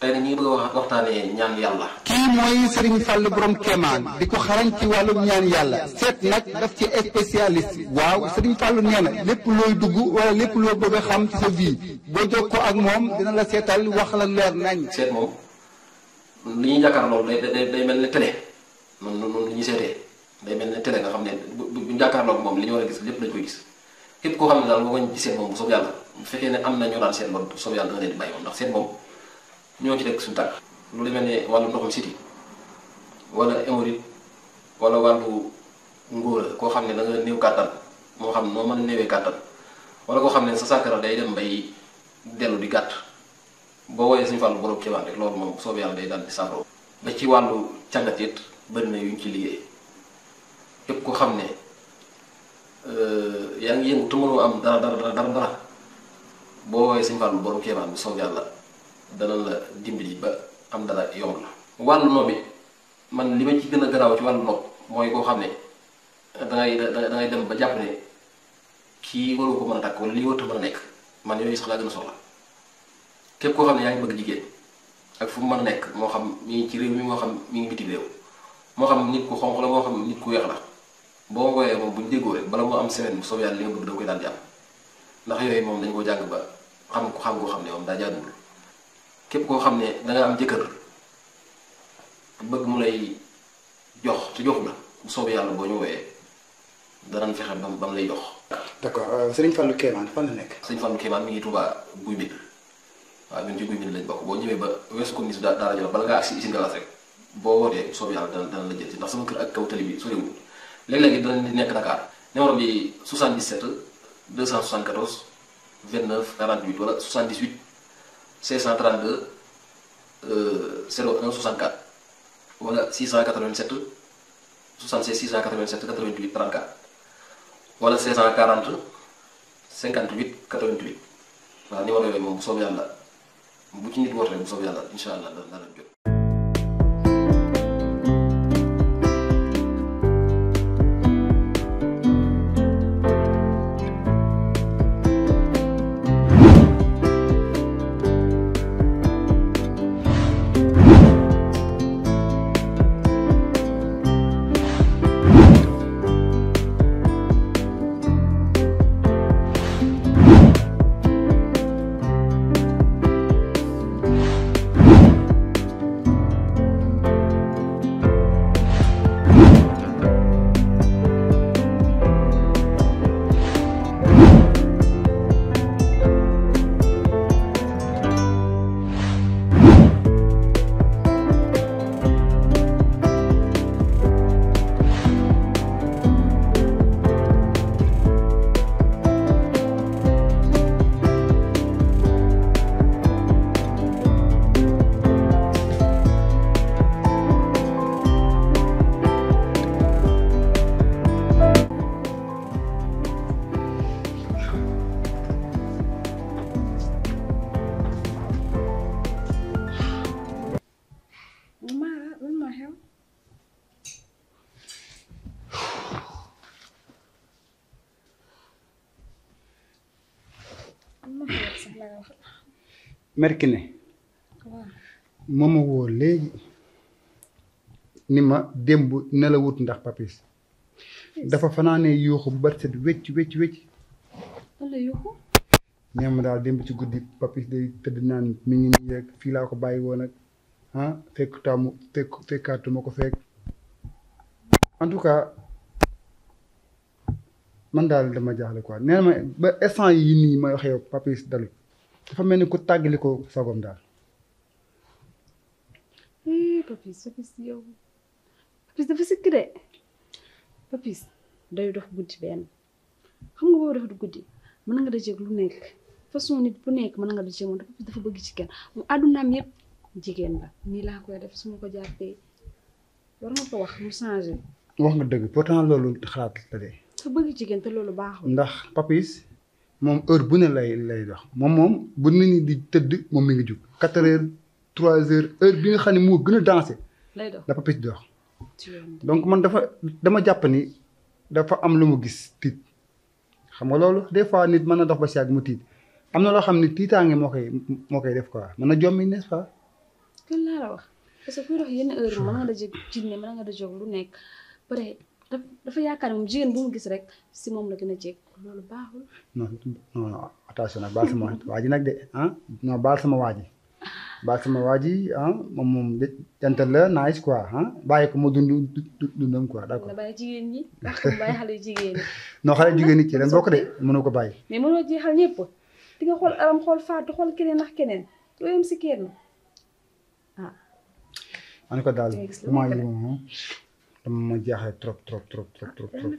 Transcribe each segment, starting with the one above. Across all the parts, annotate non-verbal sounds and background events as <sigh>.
tey nag ñu ngi bëgg a waxtaanee ñaan yàlla. kii mooy Serigne Fall borom Kéemaan di ko xarañ ci wàllum ñaan yàlla seet nag daf ci spécialiste. waaw Serigne Fall nee na lépp looy dugg wala lépp loo bëgg a xam ci sa vie boo ko ak moom dina la seetal wax la leer nañ. seet moom li ñu jàkkaar loolu day day mel ne télé noonu noonu li ñuy seetee day mel ne télé nga xam ne bu bu bu jàkkaarloog moom li ñu war a gis lépp dañ koy gis képp koo xam ne daal boo ko gisee moom bu soob yàlla bu fekkee ne am na ñu daan seet loolu ñoo ci nekk suñu tànk lu demee ne wàllu ndoxum siti wala hémorroïde wala wàllu ngóora koo xam ne da nga néew kàttan moo xam noo mën néewee kàttan wala koo xam ne sa sàkkara day dem bay dellu di gàtt boo woyee suñu fàllu borom ci waan rek day daal di saafara ba ci wàllu càngat it na yuñ ci liggéey képp ko xam ne euh, yaa ngi yëngu te boo woowee suñu fàllu borom kéemaan soob yàlla dana la dimbali ba am dara yomb la. wàllu noob bi man li ma ci gën a garaaw ci wàllu noob mooy koo xam ne da ngay da ngay dem ba jàpp ne kii waru ko mën a takk wala lii warut a a nekk man yooyu sax laa gën soxla képp koo xam ne yaa ngi fu mu mën nekk moo xam mi ngi ci mi moo xam mi ngi bitim réew moo xam nit ku xonq la moo xam nit ku weex la boo ma wooyee moom bu ñu déggoo rek bala moo am semaine bu soobee yàlla li nga bëgg da koy daal di ndax yooyu moom dañ ko jàng ba xam ko xam koo xam ne moom daa jaaduwul képp koo xam ne da am jëkkër bëgg mu lay jox te joxu la bu soobee yàlla boo ñu wooyee danañ fexe ba mu ba mu lay jox. d'accord euh, Serigne lu Kéemaan fan la nekk. Serigne Fallou Kéemaan mi ngi Touba Guy Mbind waaw ñun ci Guy Mbind lañ bokk boo ñëwee ba weesu commune bi daal daal bala ngaa agsi usine glace rek boo wootee bu soobee yàlla dana dana la jël ci ndax sama kër ak kaw tali bi soriwul léeg-léeg danañ nekk Dakar numéro bi 77 274 29 48 wala 532 01 64 wala 687 76 687 88 34 wala 540 58 88 waaw numéro yooyu moom bu soobee yàlla bu ci nit woote bu soobee yàlla incha allah dana dana jot. bu maa la lan moo xew Merkiné léegi ni ma démb nelawut ndax papis dafa fanaanee yuuxu bu bari set wecc wecc wecc ñam daal démb ci guddi papis day tëdd naan mi ngi nii fii laa ko bàyyi woon ak ah fekk taamu fekk fekkaatuma ko fekk en tout cas man daal dama jaaxle quoi nee ma ba instant yi nii ma waxee yow Papis dalu dafa mel ni ku tàggali ko sagom daal. Papis Papis yow Papis dafa sikk de Papis day dox guddi benn xam nga boobu dafa guddi mën nga dajeeg lu nekk façon nit bu nekk mën nga dajeeg moom dafa bëgg ci kenn mu àddunaam yëpp. jigéen la nii laa koy def su ma ko jàppee war nga ko wax mu changé. wax nga dëgg pourtant loolu xalaat la de. sa bëgg jigéen te loolu baaxul. ndax papis moom heure bu ne lay lay dox moom moom bu nit ñi di tëdd moom mi ngi jug quatre heures trois heures heure bi nga xam ne moo gën a dansé. lay dox la papis di dox. donc man dafa dama jàpp ni dafa am lu mu gis tiit xam nga loolu des fois nit mën na dox ba si yàgg mu tiit am na loo xam ne tiitaange moo koy loolu laa la wax parce que kuy dox yenn heure mën nga da jóg jinne mën nga da jóg lu nekk pare dafa yaakaar moom jigéen bu mu gis rek si moom la gën a jég loolu baaxul. non non non attention nag baal sama waa ji nag de ah non baal waa ji baal sama waa ji ah moom moom jantal la nice quoi ah bàyyi ko mu dund dundam quoi d' accord. nga bàyyi jigéen ñi ndax bàyyi xale jigéen ñi. non xale jigéen ñi ci ren bokk ko bàyyi. mais mënoo jeexal ñëpp di nga xool aram xool faatu xool keneen ak keneen doo yem si kenn. en tout cas daal moment yi moom dama ma jaaxle trop trop trop trop ah, trop trop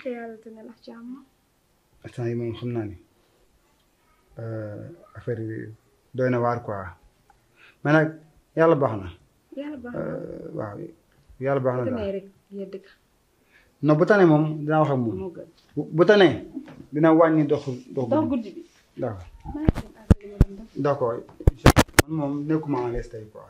instant yi moom xam naa ni euh, affaire yi doy na waar quoi mais nag yàlla baax na. yàlla baax na euh, waaw yàlla baax na daal non bu tane moom dinaa wax ak moom bu tane dina wàññi dox dox guddi bi d'accord d'accord moom nekkuma en reste quoi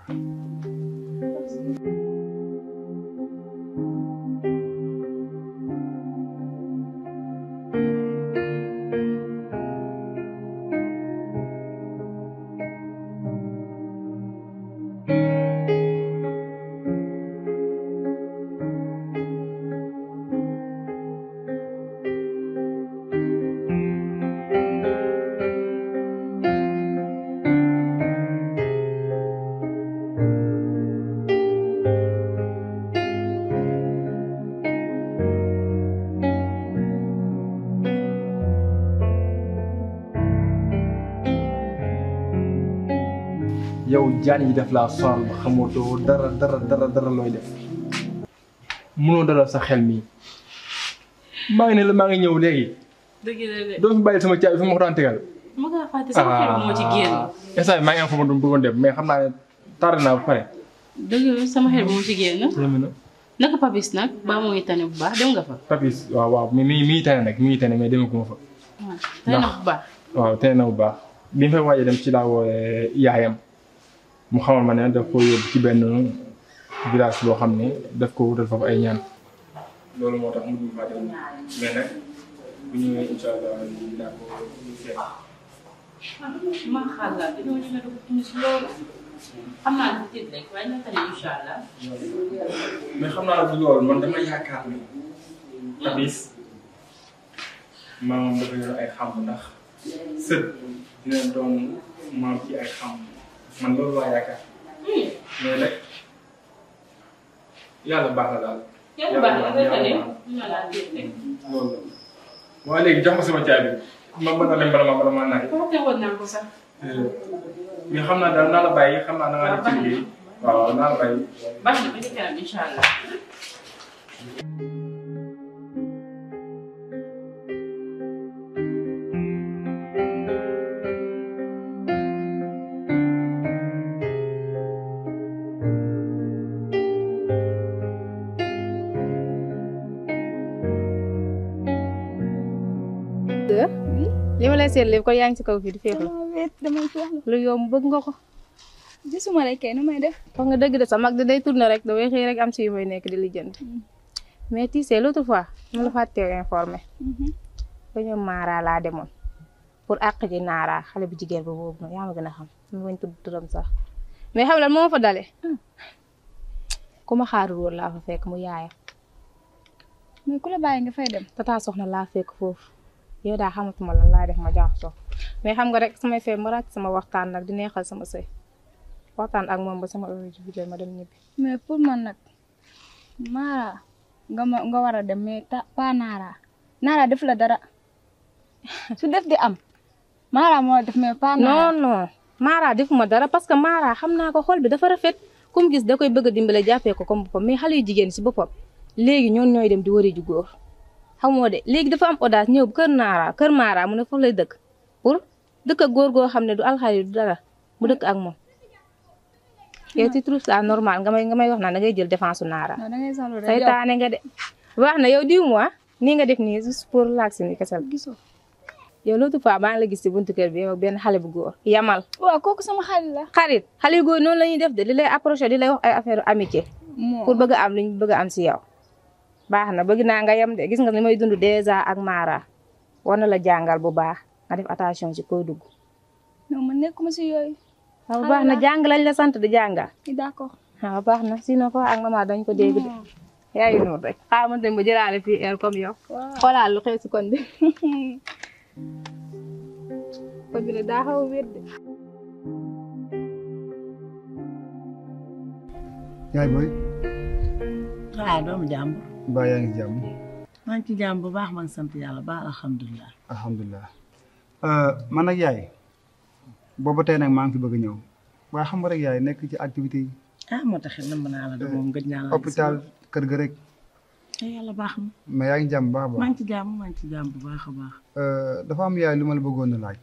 jani yi def la sonal xamoto darah, dara dara dara dara loy def mënoo dara sa xel mi ma ngi ne la ma ngi ñew legi deug la de fi sama caabi fi ma ko tegal. ma nga fàtte sama xel mo ci génn. Ah, instant ma ngi am fa doon bëggoon dem mais xam tardé na ba sama xel ci naka Papis nag baa moo ngi tane bu baax dem nga fa. Papis wa wa mi mi mi tane nag mi tane mais demaguma fa. Ah, tane bu baax. tane na bu baax bi fay dem mu xamal ma ne daf ko yóbbu ci benn village xam ne daf ko wutal loolu moo tax mujj fàtte mais nag bu ñëwee incha allah dinaa ko fekk. macha ne ay xam ndax sët maam ci ay xam. man loolu laa yaakaar. Hmm. mais nag yàlla baax na daal. yàlla baax na yàlla loolu la waaye léegi jox ma sama caabi ma mën a dem bala ma bala ma naaj. teewoon naa ko sax. Euh, mais xam naa daal naa la bàyyi xam naa da ngaa def ci liggéey waaw naa la bàyyi. baax na ba ci kanam incha allah. bàyyi seen lépp kon yaa kaw fii di féexlu. lu yomb bëgg nga ko. gisuma rek kay nu may def. wax nga dëgg de sa mag day tourné rek damay xëy rek am si yu may nekk di lijjanti. Mm. mais tu sais l'autre fois mu la fàttee informé. Mm-hmm. dañoo maaraa laa demoon. pour àq ji naaraa xale bu jigéen ba boobu noonu yaa ma gën a xam mu bañ tudd turam sax mais xam lan moo fa dale mm. ku ma xaarul woon laa fa fekk mu yaaya. mais ku la bàyyi nga fay dem. tata laa fekk foofu. yow daa xamatuma lan laa def ma jaaxasoo mais xam nga rek samay fee ma ràcc sama waxtaan nag di neexal sama sëy waxtaan ak moom ba sama heure bi ma dem ñibbi. mais pour man nag Mara nga ma nga war a dem mais ta pas Nara Nara def la dara su def di am Mara moo def mais pas. Nara non non def defuma dara parce que Mara xam naa ko xol bi dafa rafet. comme gis da koy bëgg a dimbale jàppee ko comme boppam mais xale yu jigéen si boppam léegi ñoon ñooy dem di wari ju góor. xamoo de léegi dafa am audace ñëw kër Naara kër Maara mu ne foofu lay dëkk pour dëkk ak góor goo xam ne du alxames du dara mu dëkk ak moom. yow tu trouves ça normal nga may nga may wax naan da ngay jël défense su Naara. saytaane nga de. wax na yow dix mois ni nga def nii juste pour relaxer ni kese la. yow l'autre fois maa ngi la gis ci buntu kër bi yow benn xale bu góor yamal. waaw kooku sama xarit la. xarit xale yu góor noonu la ñuy def de li lay approché di lay wax ay affaire amitié. am li ñu bëgg am ci yow. baax na bëgg naa nga yem de gis nga li may dund ak Mara war la jàngal bu baax nga def attention ci koy dugg. non man nekkuma si yooyu. waaw baax na jàng lañ la sant di jàngal. d'accord waaw baax na sinon ko ak mama dañ ko dégg de. yaa ngi noonu ah, ma dem ba jëlaale fii air comme lu xew kon bi. <laughs> kon bi daa xaw a wér de. yaay mbaa yaa ngi jàmm. maa ngi ci jàmm bu baax maa ngi sant yàlla baax alhamdulilah. alhamdulilah man nag yaay booba tey nag maa ngi fi bëgg a ñëw waaye xam nga rek yaay nekk ci activité yi. ah moo taxit nam naa la de moom gëj naa la. hôpital kër ga rek. yàlla baax na. mais yaa ngi jàmm bu baax baax. maa ngi ci jàmm maa ngi ci jàmm bu baax a baax. dafa am yaay lu ma la bëggoon a laaj.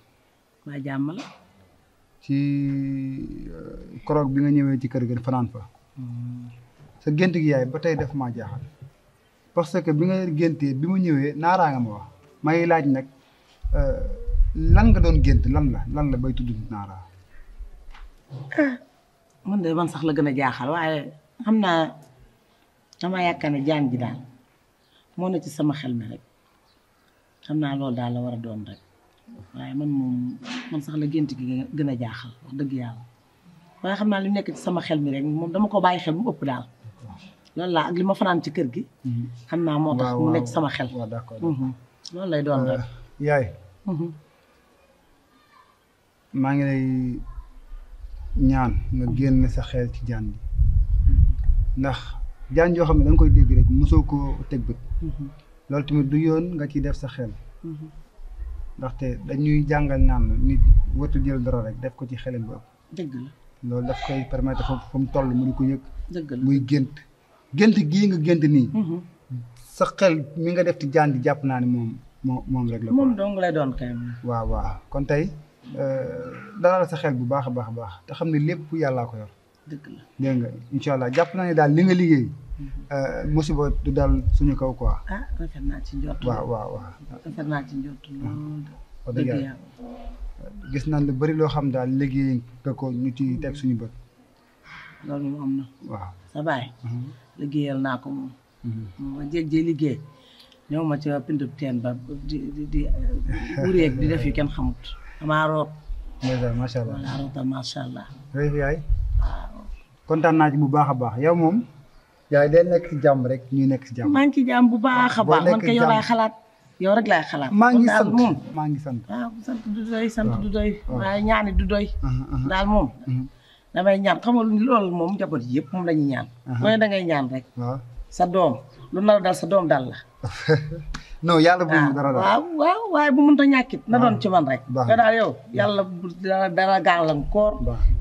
parce que bi nga géntee bi mu ñëwee naaraa nga ma wax may laaj nag euh, lan nga doon gént lan la lan la bay tudd naaraa. Ah, man de man sax la gën a jaaxal waaye xam naa dama yaakaar ne jaan ji daal moo ne ci sama xel mi xam naa loolu daal la war a doon rek waaye man moom man sax la gént gi gën a jaaxal wax dëgg yàlla waaye xam naa lu nekk ci sama xel mi rek moom dama ko bàyyi xel mu ëpp daal. loolu laa ak li ma fanaan ci kër gi. Mm-hmm. xam naa moo tax mu nekk sama xel. waaw d'accord mm-hmm. loolu lay doon rek. Euh, yaay. Mm-hmm. maa ngi lay ñaan nga génn sa xel ci jaan bi ndax jaan joo xam ne da koy dégg rek mosoo koo teg bët. loolu tamit du yoon nga ciy def sa xel. ndaxte dañuy jàngal naan nit wëtu jël dara rek def ko ci xelam bu ëpp. la loolu daf koy permettre fa mu toll mu di ko yëg. muy gént. gént gi nga gént nii. Mhm. sa xel mi nga def ci jaan jàpp naa ne moom moom moom rek la. moom dong lay doon kay. waaw waaw kon tey euh, dalal sa xel bu baax a baax baax te xam ne lépp yàllaa ko yor. dëgg la dégg nga incha jàpp naa ne daal li nga liggéey. Mhm. Euh, musiba du dal suñu kaw quoi. ah waaw waaw waaw. Ah, gis naa lu bari loo xam daal liggéey nga ko ñu ci teg suñu bët. loolu moom am waaw sa mm-hmm. naa ko moom. Mm-hmm. ma jéeg jéeg liggéey ñëw ma ci pindub teen ba di di di uh, di def yu kenn xamut damaa root. macha allah damaa rootal macha naa ci bu baax a baax yow moom. yaay day nekk ci jàmm rek ñu nekk ci jàmm. maa ngi ci jàmm bu baax a baax man kay yow xalaat. yow rek laay xalaat. maa ngi sant moom maa ngi sant. waaw du doy sant du doy. waaye ñaani du doy. Uh-huh, uh-huh. daal moom. Uh-huh. damay ñaan xam nga loolu moom njaboot yëpp moom la ñuy ñaan. mooy da ngay ñaan rek. sa doom lu na dal sa doom dal la. no yalla bu mu dara dal waaw waaw waaye bu ta ñakit na doon ci man rek. da dal yow yalla bu dara dara gàllankoor.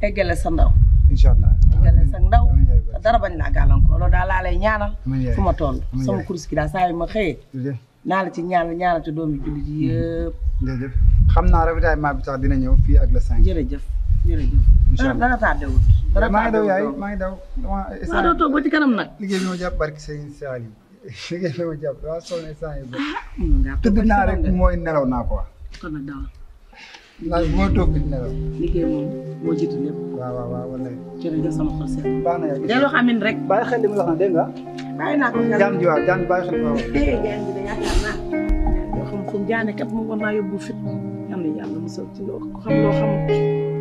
eggale sa ndaw. inshallah allah sa ndaw. dara bañ naa gàllankoor lo daal la lay ñaanal. fuma toll sama kursi ki da say ma xey na la ci ñaanal ñaanal ci doom julli jullit yëpp. xamna xam ma bi tax dina ñew fi ak la. jërëjëf jërëjëf incha allah dara tardé wut. dara maa ngi daw yaay maa ngi daw. maa daw toog ba ci kanam nag. liggéey bi ma jàpp barki Serigne Saliou liggéey bi ma jàpp waaw soxna Saliou ba. tëdd naa rek mooy nelaw naa ko wax. kon nag dawal. ndax moo toog bi nelaw. liggéey moom moo jiitu lépp. waaw waaw waaw wala. jërëjëf sama xol seen. baax na yow delloo xamin rek. bàyyi xel li mu la wax dégg nga. bàyyi naa ko jaan ji waaw jaan bàyyi xel waaw. jaan bi de yaakaar naa. yoo xam fu mu jaane kat moom war naa yóbbu fit. yàlla yàlla mosal ci loo xam loo xamul.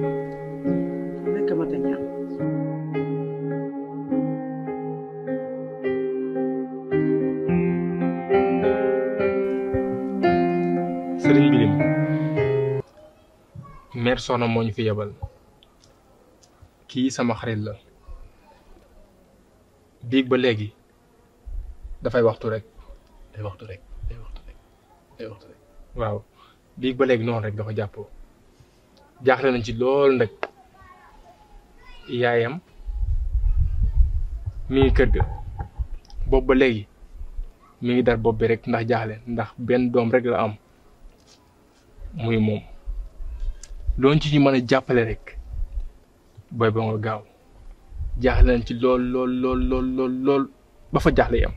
mère soxna moo ñu fi yebal kii sama xarit la biig ba léegi dafay waxtu rek waxtu rek waaw biig ba léegi noonu rek dafa jàppoo jaaxle nañ ci loolu nag yaayam mi ngi kër ga boobu ba léegi mu ngi dar bopp bi rek ndax jaaxle ndax benn doom rek la am muy moom doon ci ñu mën a jàppale rek booy ba nga gaaw jaaxle nañ ci lool lool lool lool lool ba fa jaaxle yam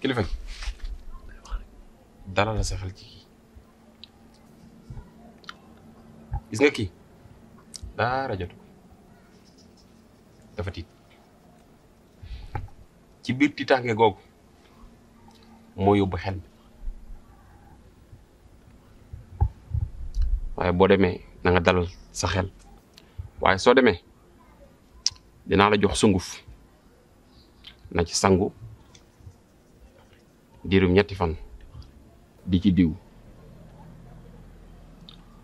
kilifa gi dara la sa xel ci kii gis nga kii dara jotu ko dafa tiit ci biir tiitaange googu moo yóbbu xel bi waaye boo demee nanga dalal sa xel waaye soo demee dinaa la jox sunguf na ci sangu diirum ñetti fan di ci diw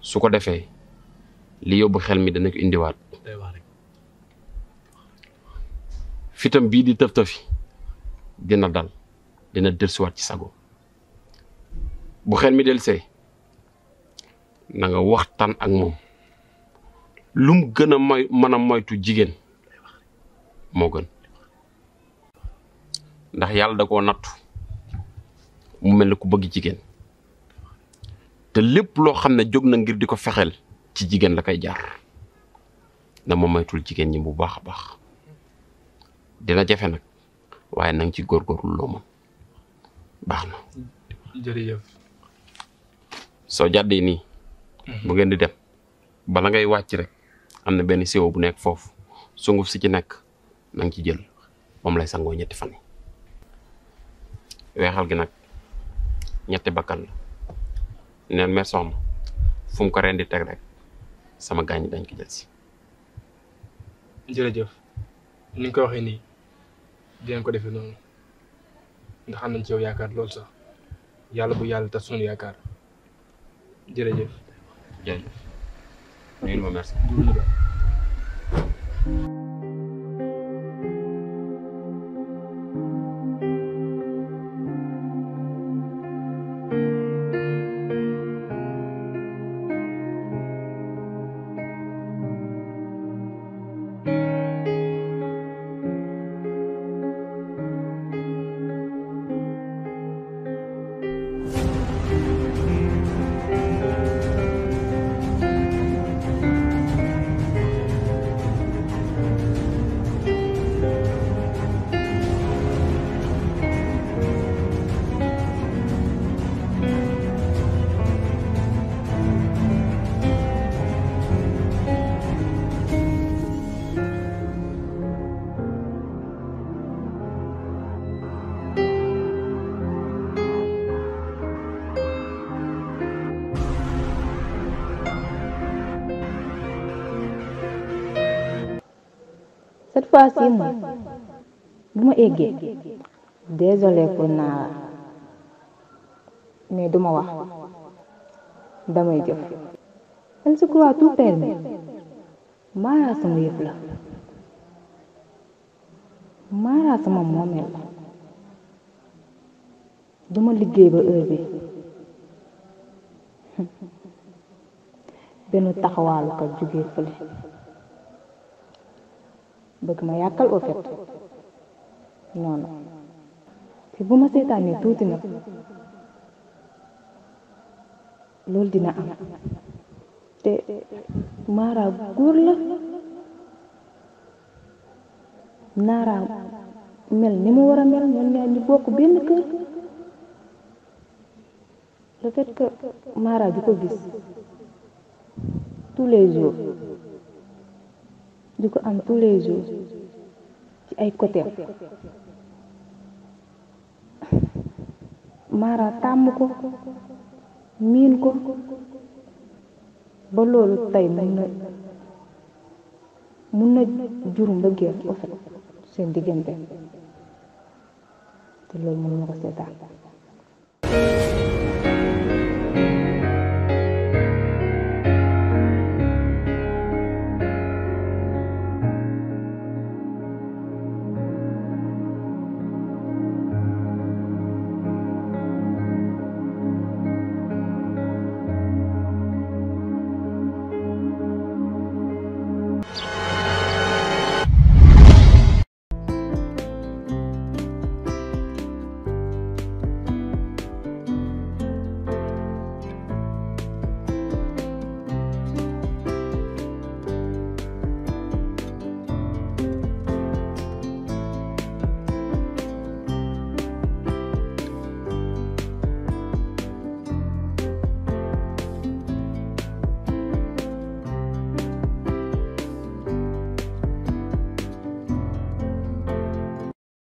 su ko defee li yóbbu xel mi dana ko indiwaat fitam bii di tëf tëfi dina dal dina dellusiwaat ci sago bu xel mi dellusee na nga waxtaan ak moom lum gën a moy mën a moytu jigéen moo gën ndax yàlla da koo nattu mu mel ku bëgg jigen te lepp lo xamne jog na ngir diko fexel ci jigen la kay jaar na mo maytul jigen ñi bu baax baax dina jafé nak waye nang nga ci gor loo mën baax na. jërëjëf. so ni mhm. bu ngeen di dem la ngay wacc rek amna ben bu nek fofu sunguf si ci nek nang ci jël mom lay sango ñetti fan wéxal gi nak ñetti bakkan la neen mère soxna fu ko ren di teg rek sama gaañ dañ ko jël si. jërëjëf ni nga ko waxee nii dinañ ko defee noonu ndax am nañ ci yow yaakaar lool sax yàlla bu yàlla tas suñu yaakaar jërëjëf. jërëjëf nuyu na ma merci. fois ci moom bu ma eggee désolé ko naa mais duma wax damay jëf elle permis Mara yëpp la Mara sama moomeel la duma liggéey ba heure bi <laughs> benn taxawaalu ka jóge fële bëgg ma yàqal au fait te bu ma seetaanee tuuti nag loolu dina am te Mara góor la Nara mel ni mu war a mel ñoom ñaar ñu bokk benn kër le fait que Mara di ko gis tous les jours. di ko am tous les jours ci ay côté Mara tàmm ko miin ko ba loolu tey mun na mun na jur mbëggeel en fait seen diggante te loolu mën na ko seetaan